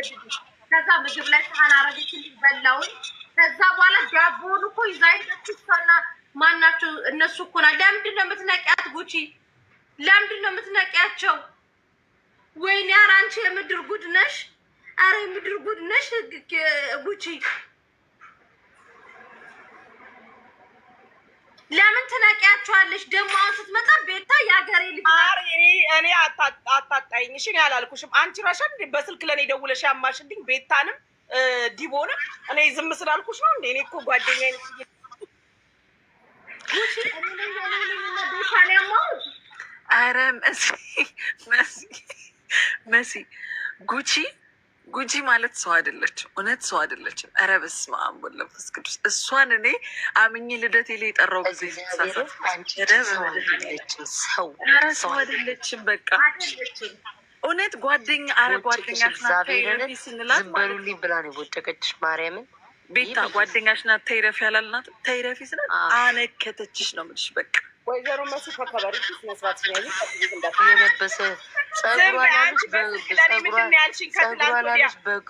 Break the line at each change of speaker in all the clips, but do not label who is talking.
አስገድድሽ። ከዛ ምግብ ላይ ሳህን አረገችልኝ በላውን። ከዛ በኋላ ዳቦን እኮ ይዛ ሄደችው። ማናቸው እነሱ እኮ ናት። ለምንድን ነው የምትነቂያት ጉቺ? ለምንድን ነው የምትነቂያቸው? ወይኔ ኧረ አንቺ የምድር ጉድ ነሽ! ኧረ የምድር ጉድ ነሽ ጉቺ ለምን ትነቂያቸዋለሽ? ደግሞ አሁን ስትመጣ ቤታ የሀገሬ ልጅ
እኔ አታጣይኝ። እሺ እኔ አላልኩሽም። አንቺ ራሻ በስልክ ለእኔ ደውለሽ ያማሽልኝ ቤታንም ዲቦንም እኔ ዝም ስላልኩሽ ነው እንዴ? እኔ እኮ ጓደኛ
ኧረ መሲ መሲ ጉቺ ጉጂ ማለት ሰው አይደለችም። እውነት ሰው አይደለችም። ኧረ በስመ አብ ወወልድ ወመንፈስ ቅዱስ። እሷን እኔ አምኜ ልደቴ ላይ የጠራው ጊዜ ሰው አይደለችም። በቃ እውነት ጓደኛ አረ ጓደኛ ስንላት በሉልኝ ብላ ነው የወደቀች። ማርያምን ቤታ ጓደኛሽ ናት ተይረፊ ያላልናት ተይረፊ ስላት አነከተችሽ ነው የምልሽ። በቃ
ወይዘሮ መሲ ከከበሪ ስነስርዓት የለበሰ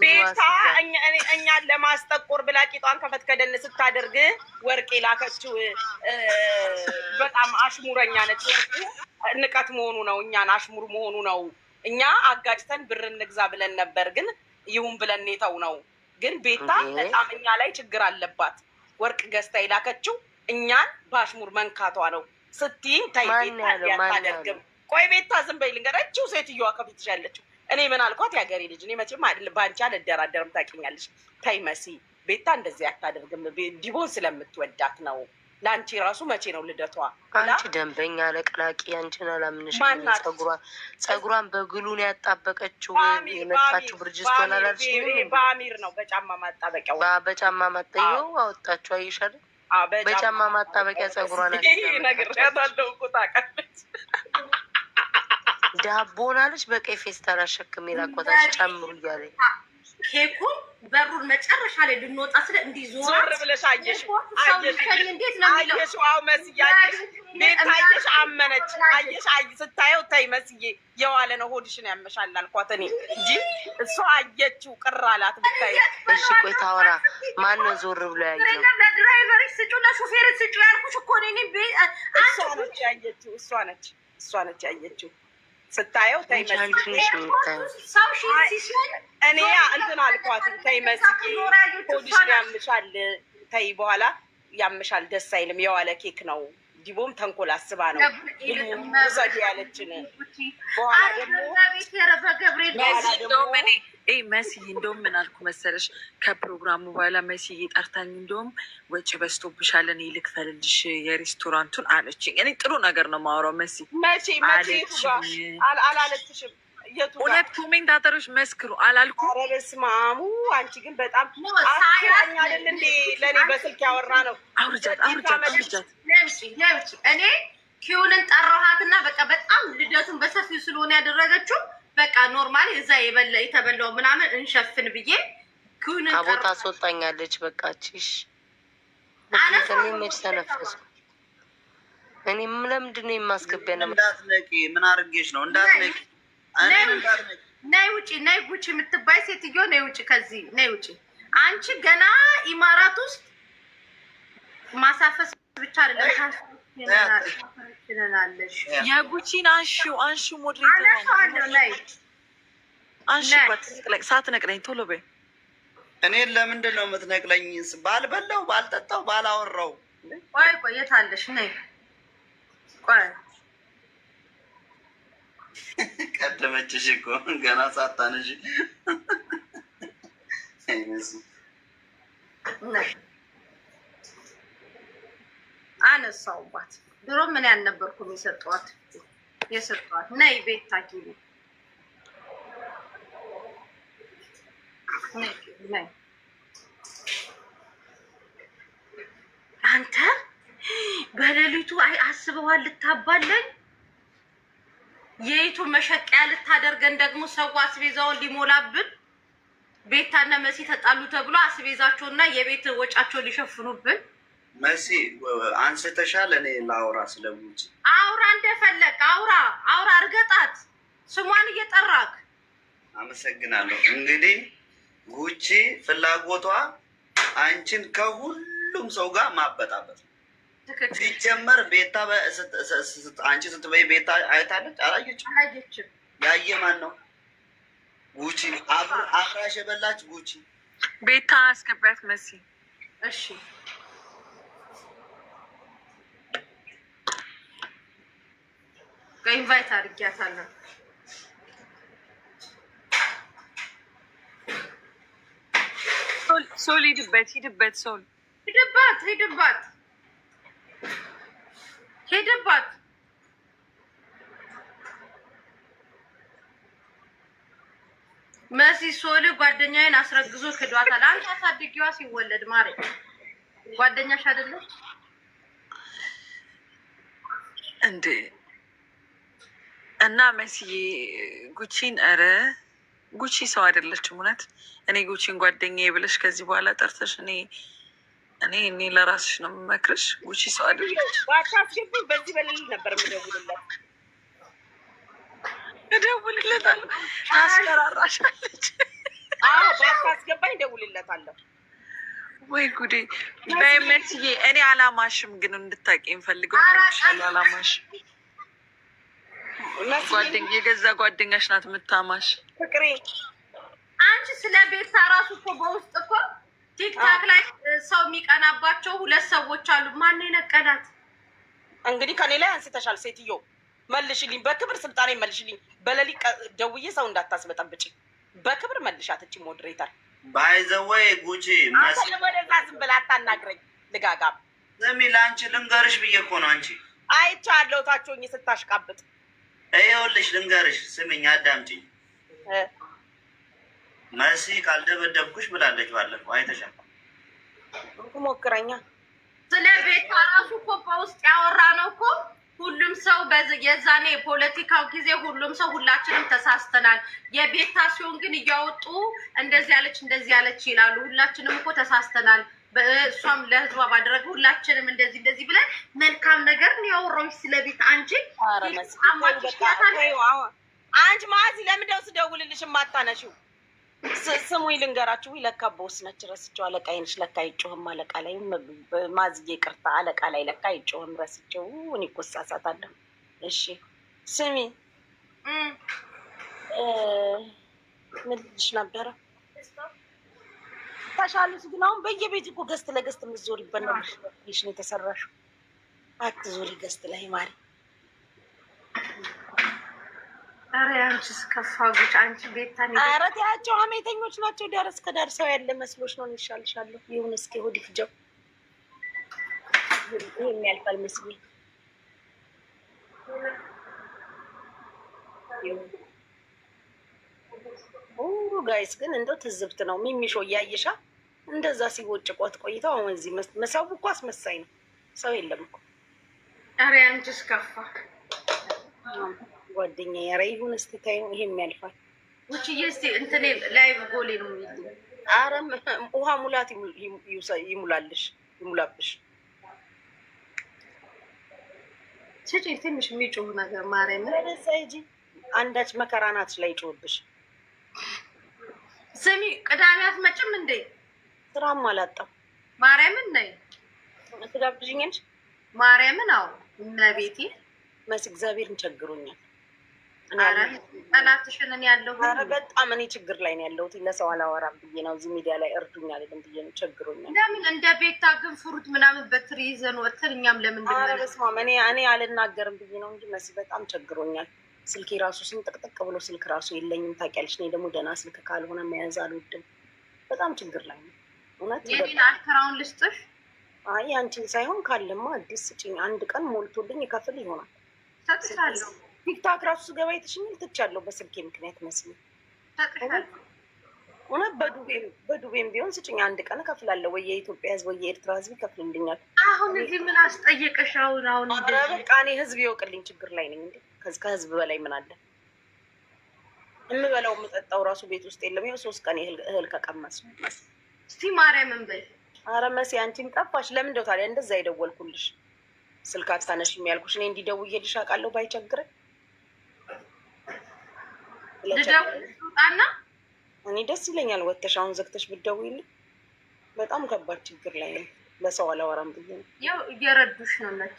ቤታ እኛን ለማስጠቆር ብላ ቂጧን ከፈት ከደን ስታደርግ ወርቅ የላከችው በጣም አሽሙረኛ ነች። ንቀት መሆኑ ነው፣ እኛን አሽሙር መሆኑ ነው። እኛ አጋጭተን ብር እንግዛ ብለን ነበር፣ ግን ይሁን ብለን ነው። ግን ቤታ በጣም እኛ ላይ ችግር አለባት። ወርቅ ገዝታ የላከችው እኛን በአሽሙር መንካቷ ነው። ቤታ
አታደርግም
ቆይ ቤታ ዝም በይ ልንገርህ፣ እችው ሴትዮዋ ከፊትሽ ያለችው እኔ ምን አልኳት? ያገሬ ልጅ እኔ መቼም አይደል በአንቺ አልደራደርም። ታውቂኛለሽ። ተይ መሲ፣ ቤታ እንደዚህ አታደርግም። ዲቦን ስለምትወዳት ነው። ለአንቺ ራሱ መቼ ነው ልደቷ?
አንቺ ደንበኛ ለቅላቂ አንቺን አላምንሽ። ጸጉሯን ጸጉሯን በግሉን ያጣበቀችው የመጣችው ብርጅስቶን አላልሽ?
በአሚር ነው በጫማ ማጣበቂያ
በጫማ ማጠየው አወጣችሁ አይሻል በጫማ ማጣበቂያ ጸጉሯን
ነግሬያታለሁ እኮ ታውቃለች
ዳቦ ናለች በቀይ ፌስታል አሸክሜ ላኳታች ጨምሩ እያለ
ኬኩን በሩን መጨረሻ ላይ ልንወጣ ስለ እንዲህ
ዞር ብለሽ አየሽ እንዴት ነው አየሽ? ዋው መስዬ አየሽ፣ ቤት አየሽ፣ አመነች አየሽ። አይ ስታየው ተይ መስዬ የዋለ ነው ሆድሽን ያመሻል አልኳት እኔ እንጂ እሷ አየችው ቅር አላት። ብታይ
እሺ ቆይ ታወራ ነው ዞር ብሎ ያየው?
ለድራይቨር ስጩ፣ ለሹፌር ስጩ ያልኩሽ እኮ እኔ
እሷ ነች ያየችው፣ እሷ ነች እሷ ነች ያየችው ስታየው ተይ እኔ እንትን አልኳት፣ ተይ ሆድሽ ያምሻል፣ ተይ በኋላ ያምሻል፣ ደስ አይልም፣ የዋለ ኬክ ነው። ዲቦም ተንኮል አስባ ነው ውሰድ ያለችን
በኋላ
ደግሞ መስዬ እንደውም ምን አልኩ መሰለሽ፣ ከፕሮግራሙ በኋላ መስዬ ጠርታኝ እንደውም ወጪ በዝቶብሻል እኔ ልክፈልልሽ የሬስቶራንቱን አለችኝ። እኔ ጥሩ ነገር ነው የማወራው።
መሲ አላለችሽም?
ሁለት ኮሜንታተሮች መስክሩ አላልኩ።
ኧረ በስመ አብ! አንቺ ግን በጣም አኛልን እንዴ! ለእኔ በስልክ ያወራ ነው።
አውርጃት፣ አውርጃት፣ አውርጃት።
እኔ ኪዩንን ጠራኋትና በቃ በጣም ልደቱን በሰፊው ስለሆነ ያደረገችው በቃ ኖርማል እዛ የበለ የተበላው ምናምን እንሸፍን ብዬ
ከቦታ አስወጣኛለች። በቃችሽ መች ተነፈሱ። እኔም ለምንድን ነው የማስገቢያ ነው?
እንዳትነቂ ምን አድርጌሽ ነው? እንዳትነቂ
ነይ ውጪ፣ ነይ ጉቺ የምትባይ ሴትዮ ነይ ውጪ፣ ከዚህ ነይ ውጪ። አንቺ ገና ኢማራት ውስጥ ማሳፈስ ብቻ አይደለም
የጉቺን አንሺው አንሺው ሞድሬተር አንሺው በትንቅለቅ ሳትነቅለኝ ቶሎ በይ።
እኔን ለምንድን ነው የምትነቅለኝ? ባልበላው፣ ባልጠጣው፣ ባላወራው።
ቆይ ቆይ የት አለሽ? ነይ ቆይ
ቀደመችሽ እኮ ገና ሳታነሺ
ረሳውባት። ድሮ ምን ያልነበርኩም የሰጠዋት የሰጠዋት ነይ ቤት ታኪ አንተ በሌሊቱ አይ አስበዋል ልታባለኝ የይቱ መሸቀያ ልታደርገን ደግሞ ሰው አስቤዛውን ሊሞላብን ቤታና መሲ ተጣሉ ተብሎ አስቤዛቸውና የቤት ወጫቸውን ሊሸፍኑብን
መሲ አንስተሻል። እኔ ላውራ ስለሙጭ
አውራ እንደፈለግ አውራ አውራ እርገጣት ስሟን እየጠራክ
አመሰግናለሁ። እንግዲህ ጉቺ ፍላጎቷ አንቺን ከሁሉም ሰው ጋር ማበጣበጥ ሲጀመር ቤታ አንቺ ስትበይ ቤታ አይታለች
አላየችም?
ያየ ማን ነው? ጉቺ አፍራሽ የበላች ጉቺ
ቤታ አስገቢያት መሲ እሺ በኢንቫይት አድርጊያታለሁ። ሶል ሂድበት፣ ሂድበት፣ ሶል
ሂድባት፣ ሂድባት፣ ሂድባት። መሲ ሶል ጓደኛዬን አስረግዞ ክዷታል። አንተ አሳድጊዋ ሲወለድ ማሬ ጓደኛሽ አይደለች
እንዴ? እና መስዬ ጉቺን ኧረ ጉቺ ሰው አይደለችም። እውነት እኔ ጉቺን ጓደኛ ብለሽ ከዚህ በኋላ ጠርተሽ እኔ እኔ እኔ ለራስሽ ነው የምመክርሽ። ጉቺ ሰው አይደለች።
ባታስገቡ በዚህ በሌሊት ነበር የምደውልለት
እደውልለታለሁ። ታስፈራራሻለች።
ባታስገባኝ እደውልለታለሁ።
ወይ ጉዴ! በይ መስዬ እኔ አላማሽም፣ ግን እንድታቂ የምፈልገው አላማሽ ጓደኛ የገዛ ጓደኛሽ ናት የምታማሽ
ፍቅሬ። አንቺ ስለ ቤታ ራሱ እኮ በውስጥ እኮ ቲክታክ ላይ ሰው የሚቀናባቸው ሁለት ሰዎች አሉ። ማነው የነቀናት?
እንግዲህ ከኔ ላይ አንስተሻል። ሴትዮ መልሽልኝ፣ በክብር ስልጣኔ መልሽልኝ። በሌሊት ደውዬ ሰው እንዳታስበጠብጭ፣ በክብር መልሻት። እቺ ሞድሬተር ባይዘወይ ጉቺ
ወደዛ ዝም ብላ አታናግረኝ። ልጋጋም
ስሚ፣ ለአንቺ ልንገርሽ ብዬ እኮ ነው። አንቺ
አይቻለሁ ታችሁኝ ስታሽቃብጥ
ይኸውልሽ ልንገርሽ፣ ስሚኝ፣ አዳምጪኝ። መሲ ካልደበደብኩሽ ብላለች ባለፈው፣ አይተሻል።
ሞክረኛ ስለ ቤት ራሱ ኮፓ ውስጥ ያወራ ነው እኮ ሁሉም ሰው የዛኔ የፖለቲካው ጊዜ ሁሉም ሰው ሁላችንም ተሳስተናል። የቤታ ሲሆን ግን እያወጡ እንደዚህ ያለች እንደዚህ ያለች ይላሉ። ሁላችንም እኮ ተሳስተናል። እሷም ለህዝቧ ባደረገ ሁላችንም እንደዚህ እንደዚህ ብለን መልካም ነገር ነው ያወራሁሽ ስለቤት አንቺ አንቺ ማዚ ለምደው ስደውልልሽ የማታነሺው ስሙኝ ልንገራችሁ ለካ ቦስ ነች ረስቼው አለቃ ይንሽ ለካ አይጮህም አለቃ ላይ ማዝዬ ይቅርታ አለቃ ላይ ለካ አይጮህም ረስቼው እኔ እኮ እሳሳታለሁ እሺ ስሚ ምን ልልሽ ነበረ ይመታሻል። ግን አሁን በየቤት እኮ ገስት ለገስት የምትዞሪበት ነው የተሰራሽው። አትዞሪ ገስት ላይ ማሪ። ኧረ ተያቸው፣ ሀሜተኞች ናቸው። ዳር እስከ ዳር ሰው ያለ መስሎች ነው። ይሻልሻሉ። ይሁን እስኪ ሆድ ይፍጀው። ይህም ያልፋል መስሜ ጋይስ ግን እንደው ትዝብት ነው ሚሚሾ እያየሻ እንደዛ ሲቦጭቋት ቆይተው አሁን እዚህ መሳቡ እኮ አስመሳይ ነው። ሰው የለም እኮ። ኧረ አንቺስ ከፋ ጓደኛ። ኧረ ይሁን እስቲ ታይም ይሄም ያልፋል። ውጭ እስቲ እንትኔ ላይቭ ጎሌ ነው የሚል ኧረ ውሃ ሙላት ይሙላልሽ፣ ይሙላብሽ። ስጪ ትንሽ የሚጮህ ነገር ማርያምን ወደዛ ሂጂ። አንዳች መከራ ናት ላይ ጮህብሽ። ስሚ ቅዳሜ አትመጭም እንዴ? ስራም አላጣም። ማርያምን ነይ ስጋብዥኝን ማርያምን አዎ እመቤቴ መስ እግዚአብሔርን ቸግሮኛል። ጠላትሽን ያለው ያለሁ በጣም እኔ ችግር ላይ ነው ያለሁት። ለሰው አላወራም ብዬ ነው እዚህ ሚዲያ ላይ እርዱኛ አልልም ብዬ ነው ቸግሮኛል። ለምን እንደ ቤታ ግን ፍሩት ምናምን በትሪ ይዘን ወተን እኛም ለምን በስመ አብ እኔ አልናገርም ብዬ ነው እንጂ መስ በጣም ቸግሮኛል። ስልኬ ራሱ ስም ጥቅጥቅ ብሎ ስልክ ራሱ የለኝም ታውቂያለሽ። እኔ ደግሞ ደህና ስልክ ካልሆነ መያዝ አልወድም። በጣም ችግር ላይ ነው እውነት የኔን አልከራውን ልስጥሽ? አይ አንቺን ሳይሆን ካለማ አዲስ ስጪኝ። አንድ ቀን ሞልቶልኝ ይከፍል ይሆናል። ሰጥሻለሁ። ቲክታክ ራሱ ስገባ የተሽኝል ትቻለሁ በስልኬ ምክንያት መስል እውነት በዱቤም በዱቤም ቢሆን ስጭኝ። አንድ ቀን እከፍላለሁ። ወይ የኢትዮጵያ ህዝብ ወይ የኤርትራ ሕዝብ ይከፍልልኛል። አሁን እዚህ ምን አስጠየቀሽ? አሁን አሁን በቃ እኔ ሕዝብ ይወቅልኝ ችግር ላይ ነኝ። እንዲ ከሕዝብ በላይ ምን አለ? የምበላው የምጠጣው ራሱ ቤት ውስጥ የለም። ይኸው ሶስት ቀን እህል ከቀመስ እስቲ ማርያምን በይ። ኧረ መሲ አንቺም ጠፋሽ። ለምን እንደው ታዲያ እንደዛ የደወልኩልሽ ስልክ አታነሺም ያልኩሽ እኔ እንዲደውዬልሽ አውቃለሁ። ባይቸግረኝ ልደውጣና እኔ ደስ ይለኛል። ወተሽ አሁን ዘግተሽ ብትደውይልኝ በጣም ከባድ ችግር ላይ ነው። ለሰው አላወራም ብዬ ነው። ያው እየረዱሽ ነው ላኪ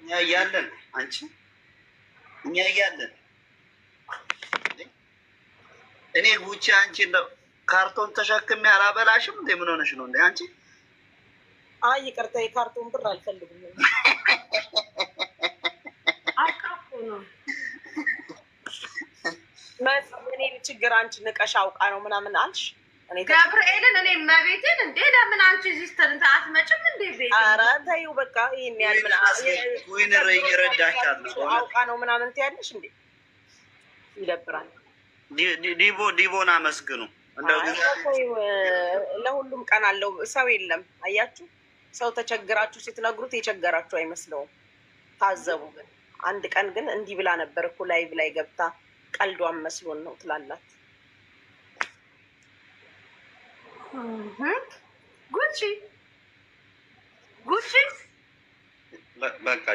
እኛ እያለን አንቺ እኛ እያለን እኔ ጉቺ አንቺ ነው ካርቶን ተሸክሜ አላበላሽም እንዴ? ምን ሆነሽ ነው እንዴ አንቺ? አይ ይቅርታ፣ የካርቶን ብር አልፈልግም። እኔ ችግር አንቺ ንቀሽ አውቃ ነው ምናምን አልሽ። ገብርኤልን እኔ መቤቴን እንዴ ለምን አንቺ እዚህ እንትን አትመጭም እንዴ ቤት? ኧረ ተይው በቃ ይህን ያህል ምናምን እረዳሻለሁ አውቃ ነው ምናምን ትያለሽ እንዴ? ይደብራል። ዲቦን አመስግኑ። ለሁሉም ቀን አለው። ሰው የለም አያችሁ፣ ሰው ተቸግራችሁ ስትነግሩት የቸገራችሁ አይመስለውም። ታዘቡ። ግን አንድ ቀን ግን እንዲህ ብላ ነበር እኮ ላይቭ ላይ ገብታ ቀልዷን መስሎን ነው ትላላት። ጉቺ ጉቺ በቃ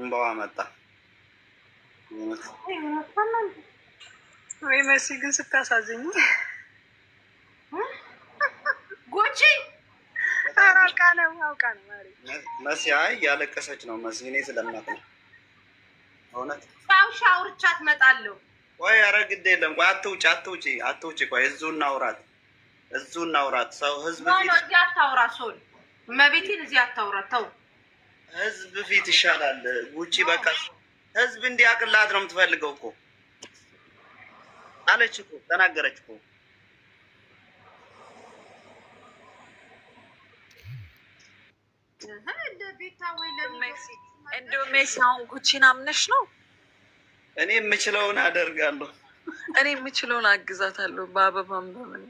እንበዋ መጣ ወይ መሲ ግን ስታሳዝኝ ጉቺ አውቃ ነው አውቃ ነው መሲ። አይ እያለቀሰች ነው መሲ። እኔ ስለማት ነው እውነት። ሻውሻ አውርቻት እመጣለሁ። ቆይ ኧረ ግድ የለም ቆይ፣ አትውጪ አትውጪ አትውጪ። ቆይ እዚሁ እናውራት እዚሁ እናውራት። ሰው ህዝብ እዚህ አታውራ። ሶል መቤቴን እዚህ አታውራ። ተው ህዝብ ፊት ይሻላል ጉቺ። በቃ ህዝብ እንዲያቅላት ነው የምትፈልገው እኮ አለች እኮ ተናገረች እኮ እንደው ሜሲ አሁን ጉቺን አምነሽ ነው? እኔ የምችለውን አደርጋለሁ። እኔ የምችለውን አግዛታለሁ። በአበባም በምን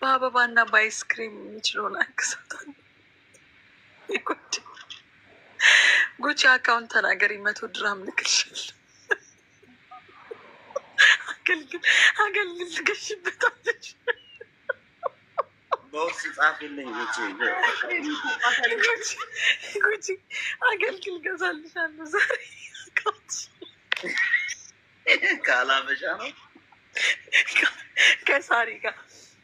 በአበባ እና በአይስክሪም የምችለውን አግዛታለሁ። ጉቺ አካውንት ተናገሪ፣ መቶ ድራም ልክልሻለሁ። አገልግል አገልግል ትገሽበታለሽ። በውስጥ ጻፊልኝ ጉቺ ጉቺ አገልግል ገዛልሻለሁ ዛሬ ካላበሻ ነው ከሳሪ ጋር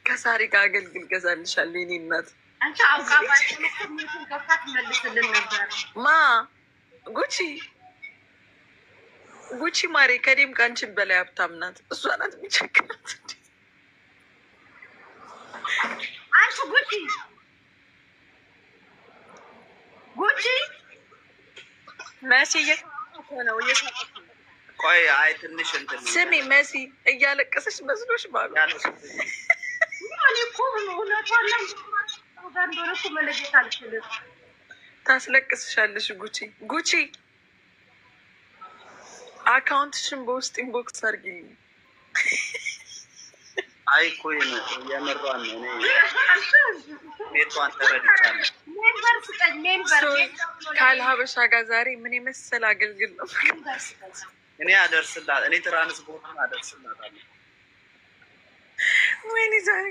ከሳሪ ጋር አገልግል ገዛልሻለሁ የኔ እናት ማ ጉቺ ጉቺ ማሬ ከእኔም ከአንቺም በላይ ሀብታም ናት። እሷ ናት የሚቸግራት። አንቺ ጉቺ ጉቺ መሲ ቆይ፣ አይ ትንሽ እንትን ስሚ፣ መሲ እያለቀሰች መስሎሽ ባሉ እኔ እኮ እውነቷን አልችልም። ታስለቅስሻለሽ። ጉቺ ጉቺ አካውንትሽን በውስጥ ኢንቦክስ አድርጊልኝ። አይ እኮ የምሯን ቤቷን ተረድቻለሁ። ካልሀበሻ ጋር ዛሬ ምን የመሰል አገልግል ነው። እኔ አደርስላት እኔ ትራንስፖርቱን አደርስላታለሁ። ወይኔ ዛሬ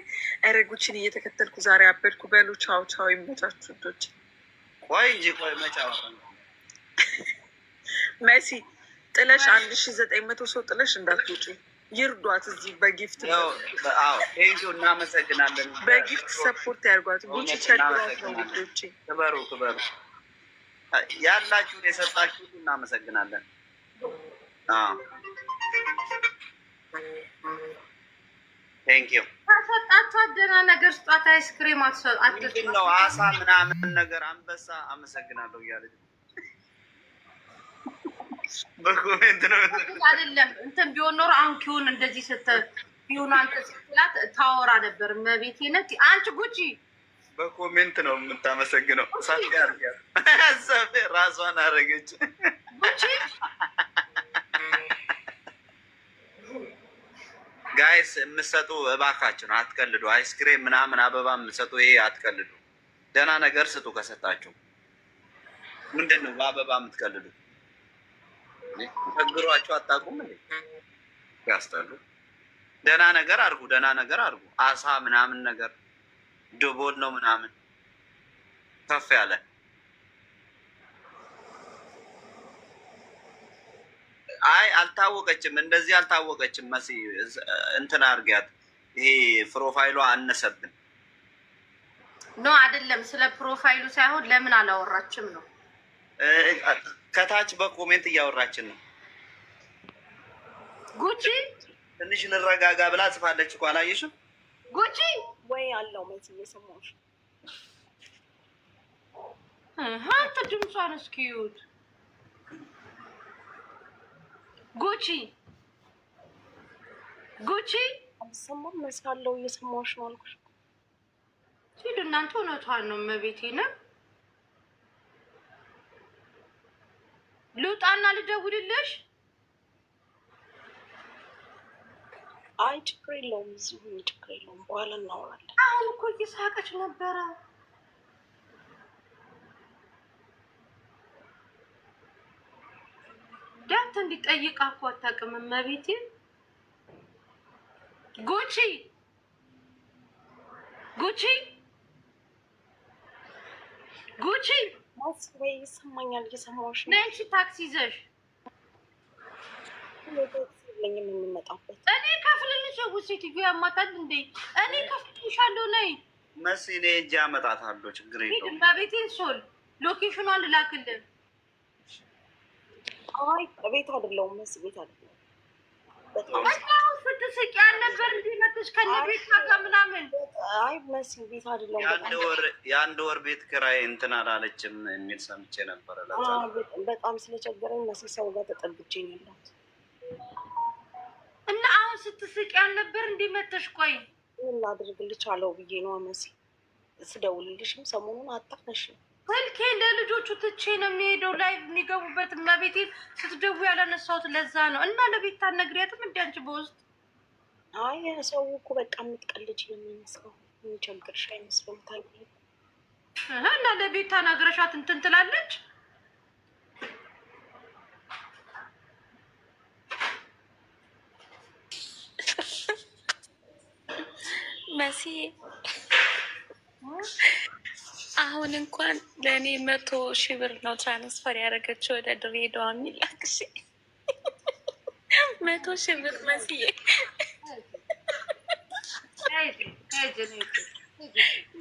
ኧረ ጉቺን እየተከተልኩ ዛሬ አበድኩ። በሉ ቻው ቻው፣ ይመቻችሁ ዶች ቆይ እንጂ ቆይ መጫ መሲ ጥለሽ አንድ ሺ ዘጠኝ መቶ ሰው ጥለሽ እንዳትወጪ ይርዷት። እዚህ በጊፍት እናመሰግናለን። በጊፍት ሰፖርት ያርጓት። ጉቺ ቸግሯት ክበሩ ክበሩ፣ ያላችሁን የሰጣችሁት እናመሰግናለን። ከሰጣችሁ አደና ነገር ስጧት። አይስክሬም ነው አሳ ምናምን ነገር አንበሳ። አመሰግናለሁ እያለች በኮሜንት ነው አይደለም። እንትን ቢሆን ኖሮ አሁን ኪውን እንደዚህ ስተ ቢሆን አንተ ስትላት ታወራ ነበር። መቤቴነት አንቺ ጉቺ በኮሜንት ነው የምታመሰግነው። ሳፊ አርጊያ ራሷን አረገች ጉቺ ጋይስ የምትሰጡ እባካችሁ ነው አትቀልዱ። አይስክሬም ምናምን አበባ የምትሰጡ ይሄ አትቀልዱ። ደህና ነገር ስጡ። ከሰጣችሁ ምንድን ነው በአበባ የምትቀልዱ? ቸግሯችሁ አታውቁም እንዴ? ያስጠሉ። ደህና ነገር አድርጉ። ደህና ነገር አድርጉ። አሳ ምናምን ነገር ድቦል ነው ምናምን ከፍ ያለ አይ አልታወቀችም፣ እንደዚህ አልታወቀችም። መሲ እንትን አድርጊያት። ይሄ ፕሮፋይሏ አነሰብን። ኖ አይደለም፣ ስለ ፕሮፋይሉ ሳይሆን ለምን አላወራችም ነው። ከታች በኮሜንት እያወራችን ነው። ጉቺ ትንሽ ልረጋጋ ብላ ጽፋለች እኮ አላየሽም? ጉቺ ወይ አለው መሲ የሰማሁሽ አንተ ድምጿን እስኪዩት ጉቺ ጉቺ አልሰማም መስላለው እየሰማሁሽ ነው አልኩሽ። ሂድ እናንተ እውነቷን ነው መቤቴ ነው። ልውጣና ልደውልልሽ። አይ ችግር የለውም እዚሁ ችግር የለውም በኋላ እናወራለን። አሁን እኮ እየሳቀች ነበረ። እንዲጠይቃ እኮ አታውቅም። እመቤቴ ጉቺ ጉቺ ጉቺ ይሰማኛል። እየሰማሁሽ ነው። ነይ ታክሲ ይዘሽ የምንመጣበት እኔ ከፍልልሽ። ውይ ሴትዮዋ ያማታል እንዴ? እኔ ከፍልልሻለሁ። ነይ መስ እኔ ሂጅ አመጣታለሁ። ችግር የለውም። ቤቴን ሶል ሎኬሽኗን ልላክልን አይ ቤት አይደለሁም መሲ ቤት አይደለሁም። በጣም ስትስቂ መጥሽ ከነ ቤት ምናምን። አይ መሲ ቤት አይደለሁም። የአንድ ወር ቤት ኪራይ እንትን አላለችም የሚል ሰምቼ ነበረ። በጣም ስለቸገረኝ መሲ ሰው ጋር ተጠብቼ ነው ያለሁት እና አሁን ስትስቂ ያልነበር እንዲ መጥሽ ቆይ ምን ላድርግልሽ አለው ብዬ ነው መሲ ስደውልልሽም ሰሞኑን አጣነሽም ስልኬ ለልጆቹ ትቼ ነው የሚሄደው ላይቭ የሚገቡበት እና ቤቴን ስትደውይ ያላነሳሁት ለዛ ነው። እና ለቤታ ነግሪያትም እንደ አንቺ በውስጥ አይ ሰው እኮ በቃ የምትቀልጅ የሚመስለው የሚቸግርሽ አይመስልም። ታል እና ለቤታ ነግረሻት እንትን ትላለች። መሲ አሁን እንኳን ለእኔ መቶ ሺህ ብር ነው ትራንስፈር ያደረገችው ወደ ድሬዳዋ የሚላክ መቶ ሺህ ብር መስዬ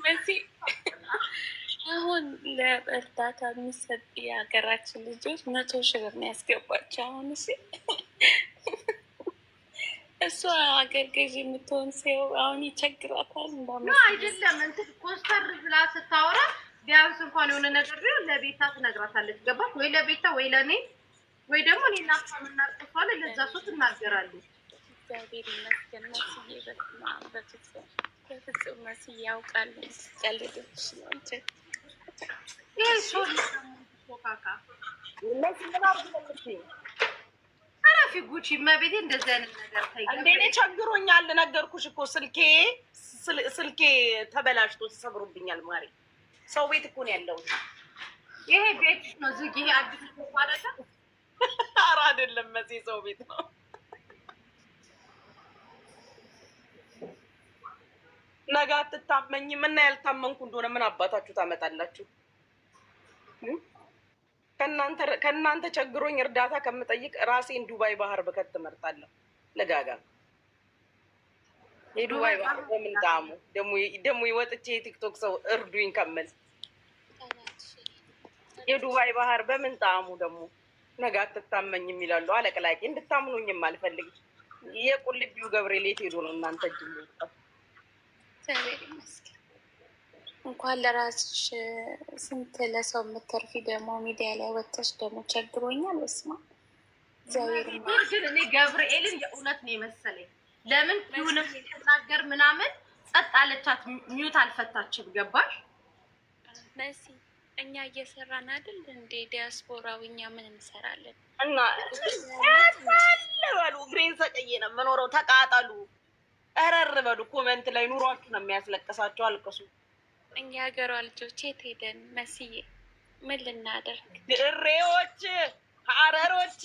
መሲ አሁን ለእርዳታ የሚሰጥ የሀገራችን ልጆች መቶ ሺህ ብር ነው ያስገባቸው አሁን እሷ ሀገር ገዥ የምትሆን ሰው አሁን ይቸግራታል። እንዳ አይደለም እንትን ኮስተር ብላ ስታወራ ቢያንስ እንኳን የሆነ ነገር ቢሆን ለቤታ ትነግራታለች። ገባሽ ወይ ለቤታ ወይ ለእኔ ወይ ደግሞ እኔ እና እሷ የምናርቅሷለ ለዛ ሰው ትናገራለች። እግዚአብሔር ይመስገን መስዬ በፍጹም መስዬ ያውቃሉ ያለደች ናቸው። ይህ ሶ ካካ አትጥፊ ጉቺ መቤቴ። እንደዚህ አይነት ነገር እንደ እኔ ቸግሮኛል። ነገርኩሽ እኮ ስልኬ ስልኬ ተበላሽቶ ተሰብሮብኛል። ማሪ ሰው ቤት እኮ ነው ያለው። ይሄ ቤት ነው ዝጊ አዲስ ማለት ኧረ አይደለም መቼ ሰው ቤት ነው። ነገ አትታመኝም እና ያልታመንኩ እንደሆነ ምን አባታችሁ ታመጣላችሁ? ከእናንተ ቸግሮኝ እርዳታ ከምጠይቅ ራሴን ዱባይ ባህር ብከት ትመርጣለሁ። ለጋጋ የዱባይ ባህር በምን ጣሙ ደግሞ ወጥቼ የቲክቶክ ሰው እርዱኝ ከምል የዱባይ ባህር በምን ጣሙ ደግሞ ነጋ አትታመኝም የሚላሉ አለቅላቂ እንድታምኑኝም አልፈልግም። የቁልቢው ገብርኤል የት ሄዶ ነው እናንተ እጅ እንኳን ለራስሽ ስንት ለሰው የምትርፊ ደግሞ ሚዲያ ላይ ወጥተሽ ደግሞ ቸግሮኛል። በስመ አብ እግዚአብሔር ግን እኔ ገብርኤልን የእውነት ነው የመሰለኝ። ለምን ሆነ ሲናገር ምናምን ጸጥ አለቻት፣ ሚዩት አልፈታችም። ገባሽ መሲ? እኛ እየሰራን አይደል እንዴ? ዲያስፖራዊ እኛ ምን እንሰራለን? እና በሉ ግሬን ሰቀዬ ነው የምኖረው። ተቃጠሉ፣ እረር በሉ። ኮመንት ላይ ኑሯችሁ ነው የሚያስለቅሳቸው። አልቅሱ እኛ ሀገሯ ልጆች የት ሄደን መስዬ ምን ልናደርግ? ድሬዎች ሀረሮች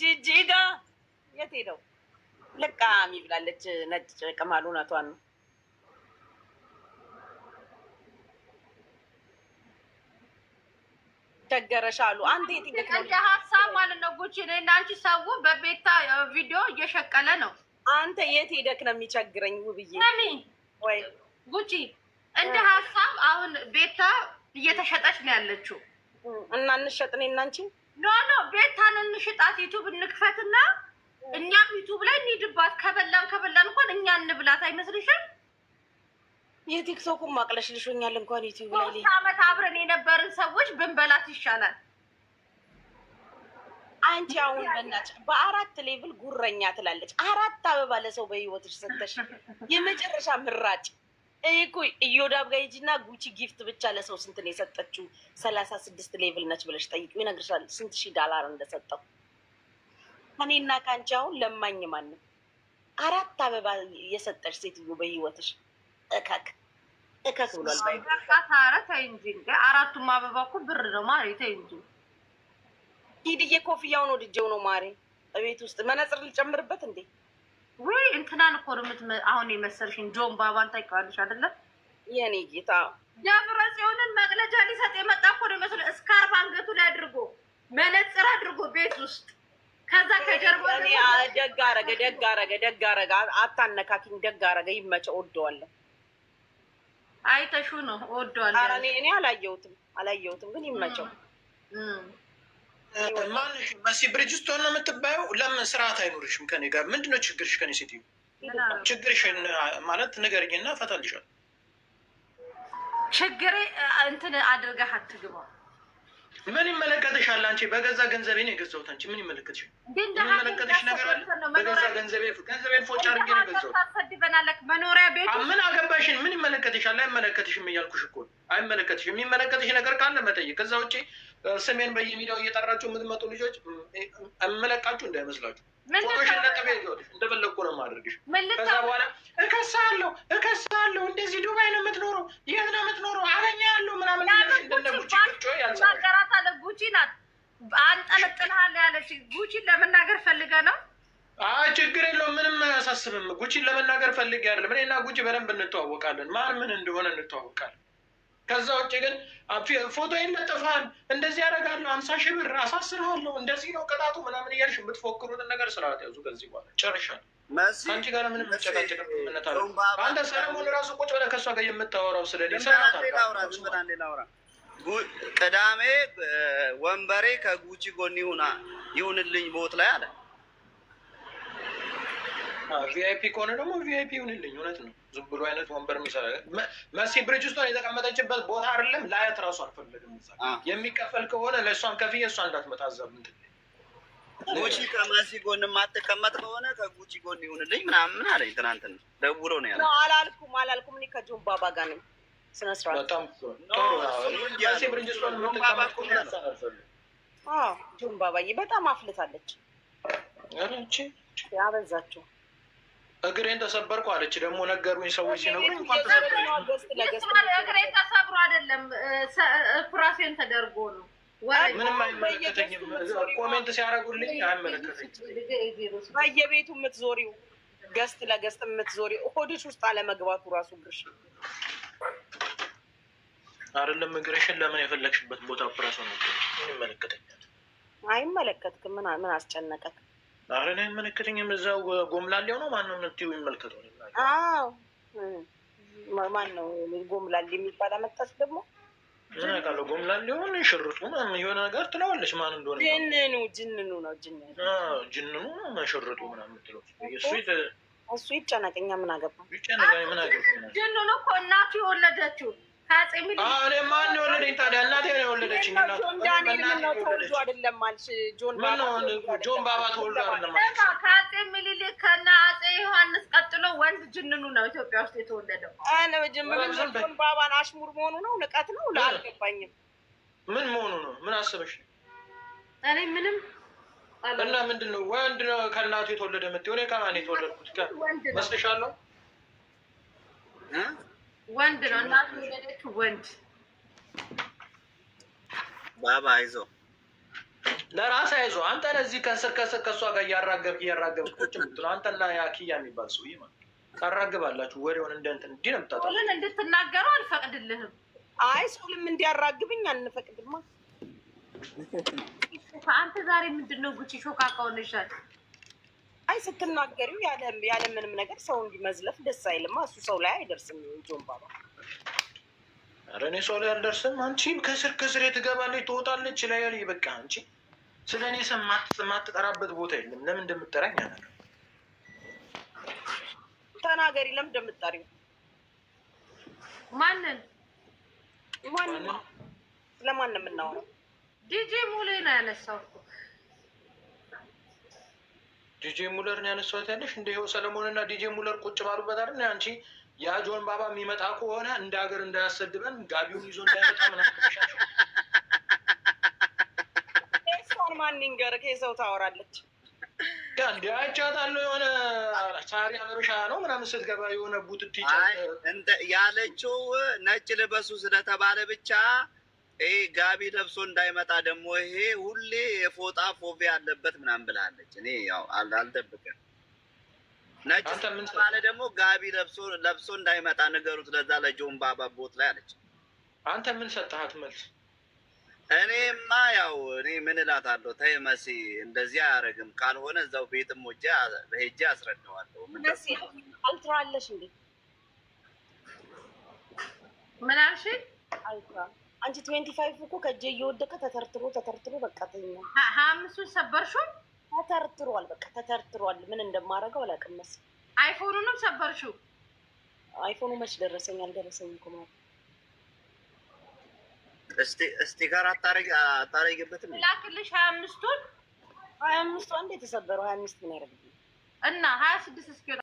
ጅጅጋ የት ሄደው ልቃሚ ብላለች። ነጭ ቅማል እውነቷን ነው። ቸገረሽ አሉ አንድ እንደ ሀሳብ ማለት ነው። ጉቺ እኔና አንቺ ሰው በቤታ ቪዲዮ እየሸቀለ ነው። አንተ የት ሄደክ ነው የሚቸግረኝ ውብዬ? ወይ ጉቺ እንደ ሀሳብ አሁን ቤታ እየተሸጠች ነው ያለችው እና እንሸጥ እኔ እና አንቺ ኖ ኖ ቤታን እንሽጣት፣ ዩቱብ እንክፈትና እኛም ዩቱብ ላይ እንሂድባት። ከበላን ከበላን እንኳን እኛ እንብላት አይመስልሽም? የቲክቶኩም ማቅለሽ ልሾኛል። እንኳን ዩቱብ ላይ ሶስት አመት አብረን የነበርን ሰዎች ብንበላት ይሻላል። አንቺ አሁን በእናትሽ በአራት ሌቭል ጉረኛ ትላለች። አራት አበባ ለሰው በህይወትሽ ሰተሽ የመጨረሻ ምራጭ እኮ እዮዳብ ጋር ሂጂና ጉቺ ጊፍት ብቻ ለሰው ስንት ነው የሰጠችው? ሰላሳ ስድስት ሌቭል ነች ብለሽ ጠይቅ፣ ይነግርሻል ስንት ሺህ ዳላር እንደሰጠው። እኔና ከአንቺ አሁን ለማኝ ማንም አራት አበባ የሰጠች ሴትዮ በህይወትሽ እከክ እከክ ብሏል። ኧረ ተይ እንጂ አራቱም አበባ እኮ ብር ነው ማሬ፣ ተይ እንጂ ሂድዬ። ኮፍያውን ወድጄው ነው ማሬ። እቤት ውስጥ መነፅር ልጨምርበት እንዴ? ወይ እንትናን እኮ ነው አሁን የመሰልሽን ጆን ባባን ታውቂዋለሽ አይደለም? የኔ ጌታ ያብረ ሲሆንን መቅለጃ ሊሰጥ የመጣ እኮ ነው የመሰለ እስካርፍ አንገቱ ላይ አድርጎ መነጽር አድርጎ ቤት ውስጥ ከዛ ከጀርባ ደግ አረገ፣ ደግ አረገ፣ ደግ አረገ። አታነካኪኝ። ደግ አረገ። ይመቸው። እወደዋለሁ። አይተሹ ነው እወደዋለሁ። እኔ አላየሁትም፣ አላየሁትም ግን ይመቸው። ማንሽ መሲ ብርጅስቶ ነው የምትባየው። ለምን ስርዓት አይኖርሽም? ከኔ ጋር ምንድነው ችግርሽ? ከኔ ሴትዮ ችግርሽን ማለት ንገርኝና ፈታልሻል። ችግሬ እንትን አድርገህ አትግባ ምን ይመለከትሻል? አንቺ በገዛ ገንዘቤ ነው የገዛሁት። አንቺ ምን ይመለከትሽ? የሚመለከትሽ ነገር አለ? በገዛ ገንዘቤ ገንዘቤን ፎጭ አድርጌ ነው የገዛሁት። መኖሪያ ቤት ምን አገባሽን? ምን ይመለከትሻል? አይመለከትሽም እያልኩሽ እኮ አይመለከትሽም። የሚመለከትሽ ነገር ካለ መጠየቅ። ከዛ ውጭ ስሜን በየሚዲያው እየጠራችሁ የምትመጡ ልጆች እመለቃችሁ እንዳይመስላችሁ። ፎቶሽን ነጥቤ እንደፈለኩ ነው የማደርግሽ። ከዛ በኋላ እከሳለሁ እከሳለሁ እንደዚህ ዱባይ ነው የምትኖረው፣ የት ነው የምትኖረው፣ ምናምን ጉቺ ናት አንጠለጥልሃል ያለች ጉቺን ለመናገር ፈልገ ነው። ችግር የለውም ምንም አያሳስብም። ጉቺን ለመናገር ፈልጌ አይደለም። እኔና ጉቺ በደንብ እንተዋወቃለን። ማን ምን እንደሆነ እንተዋወቃለን። ከዛ ውጭ ግን ፎቶ ይለጠፋል፣ እንደዚህ ያደርጋለሁ፣ አምሳ ሺህ ብር አሳስርሃለሁ፣ እንደዚህ ነው ቅጣቱ ምናምን እያልሽ የምትፎክሩትን ነገር ስርዓት ያዙ። ከዚህ በኋላ ጨርሻል። አንቺ ጋር ምንም መጨቃጨቅ ምነት አለ? አንተ ሰለሞን ራሱ ቁጭ ብለህ ከእሷ ጋር የምታወራው ስለ ቅዳሜ ወንበሬ ከጉቺ ጎን ይሁና ይሁንልኝ ቦት ላይ አለ ቪአይፒ ከሆነ ደግሞ ቪአይፒ ይሁንልኝ። እውነት ነው። ዝም ብሎ አይነት ወንበር የሚሰራ መሲ ብሪጅስቶን የተቀመጠችበት ቦታ አይደለም። ላያት ራሱ አልፈለግም። የሚከፈል ከሆነ ለእሷን ከፍዬ እሷ እንዳትመጣ እዛ ጉቺ ከመሲ ጎን የማትቀመጥ ከሆነ ከጉቺ ጎን ይሁንልኝ ምናምን አለኝ። ትናንትና ደውሎ ነው ያለ። አላልኩም አላልኩም። እኔ ከጆን ባባ ጋር ነው ስነ ስርዓት መሲ ጆን ባባዬ በጣም አፍልታለች። ያበዛቸው እግሬን ተሰበርኩ አለች። ደግሞ ነገሩኝ ሰዎች ሲነግሩ እግሬ ተሰብሮ አይደለም ፍራሴን ተደርጎ ነው። ምንም አይመለከተኝም። ኮሜንት ሲያደርጉልኝ አይመለከተኝም። በየቤቱ የምትዞሪው ገስት ለገስት የምትዞሪው ሆድሽ ውስጥ አለመግባቱ ራሱ ግርሽ አይደለም። እግርሽን ለምን የፈለግሽበት ቦታ ፍራሶ ነው። ምን ይመለከተኛል? አይመለከትክም። ምን አስጨነቀት? አረ እኔ ምልክትኝም እዛው ጎምላሌ ሆኖ ማነው የምትይው ይመልከቱ። ማን ነው ጎምላሌ የሚባል አመጣች ደግሞ ቃለ ጎምላሌ ሆን ሽርጡ የሆነ ነገር ትለዋለች። ማን እንደሆነ ጅንኑ ጅንኑ ነው ጅንኑ ነው ሽርጡ ምናምን የምትለው እሱ ይጨነቀኛ ምን አገባ ይጨነቀኛ ምን አገባ ጅንኑ እኮ እናቱ የወለደችው ማን የወለደኝ ታዲያ? እናቴ ነው የወለደችኝ። ጆን ባባ ተወልዶ አይደለም ከአፄ ምኒልክ ከእነ አፄ ዮሐንስ ቀጥሎ ወንድ ጅንኑ ነው ኢትዮጵያ ውስጥ የተወለደው። ጆን ባባን አሽሙር መሆኑ ነው? ንቀት ነው? አልገባኝም። ምን መሆኑ ነው? ምን አስበሽ? እኔ ምንም እና ምንድን ነው ወንድ ነው ከእናቱ የተወለደ የምትሆነ ከማን የተወለድኩት መስልሻለሁ? ወንድ ነው እናቱ የወለደች ወንድ። ባባ አይዞ ለራስ አይዞ አንተ እዚህ ከስር ከስር ከእሷ ጋር እያራገብክ እያራገብክ ቁጭ ምትለ አንተና ያኪያ የሚባል ሰውዬ ማለት ታራግባላችሁ። ወሬውን እንደ እንትን እንዲህ ነው የምታጠ ሁሉን እንድትናገረው አልፈቅድልህም። አይ ሰውልም እንዲያራግብኝ አንፈቅድማ። አንተ ዛሬ ምንድን ነው ጉቺ ሾካካ አይ ስትናገሪው ያለ ምንም ነገር ሰው እንዲመዝለፍ ደስ አይልማ። እሱ ሰው ላይ አይደርስም። ጆን ባባ ኧረ እኔ ሰው ላይ አልደርስም። አንቺ ከስር ከስር ትገባለች ትወጣለች ይላል። በቃ አንቺ ስለ እኔ ስም ማትጠራበት ቦታ የለም። ለምን እንደምጠራኝ አላውቅም። ተናገሪ፣ ለምን እንደምጠሪው ማንን ማንን ስለማን ነው የምናወራው? ዲጂ ሙሌ ነው ያነሳው እኮ ዲጄ ሙለርን ያነሷት ያለሽ እንደ ይኸው ሰለሞንና ዲጄ ሙለር ቁጭ ባሉበት አይደል? አንቺ ያ ጆን ባባ የሚመጣ ከሆነ እንደ ሀገር እንዳያሰድበን ጋቢውን ይዞ እንዳይመጣ ምናሻቸው ሷን ማንንገር ከሰው ታወራለች እንዲያቻታለሁ የሆነ ሳሪ አበረሻ ነው ምናምን ስትገባ የሆነ ቡትቲ ያለችው ነጭ ልበሱ ስለተባለ ብቻ ይሄ ጋቢ ለብሶ እንዳይመጣ ደግሞ ይሄ ሁሌ የፎጣ ፎቤ አለበት ምናምን ብላለች። እኔ ያው አልደብቅም። ነጭ ባለ ደግሞ ጋቢ ለብሶ ለብሶ እንዳይመጣ ንገሩት፣ ለዛ ለጆን ባባ ቦት ላይ አለች። አንተ ምን ሰጠሃት መልስ? እኔማ ያው እኔ ምን እላታለሁ፣ ተይ መሲ እንደዚህ አያደርግም። ካልሆነ እዛው ቤትም ወጃ ሄጄ አስረዳዋለሁ። አልትራለሽ እንዴ? ምን አልትራ አንቺ ትዌንቲ ፋይቭ እኮ ከእጄ እየወደቀ ተተርትሮ ተተርትሮ በቃ ተኛ ሀያ አምስቱን ሰበርሽው። ተተርትሯል፣ በቃ ተተርትሯል። ምን እንደማደርገው አላውቅም መሰለኝ። አይፎኑንም ሰበርሽው። አይፎኑ መች ደረሰኝ? አልደረሰኝ እኮ ማለት እስቲ እስቲ ጋር አታረጊበትም? ላክልሽ ሀያ አምስቱን ሀያ አምስቱ እንዴት የተሰበረው ሀያ አምስት ምን ያደርግልኝ እና ሀያ ስድስት እስኪ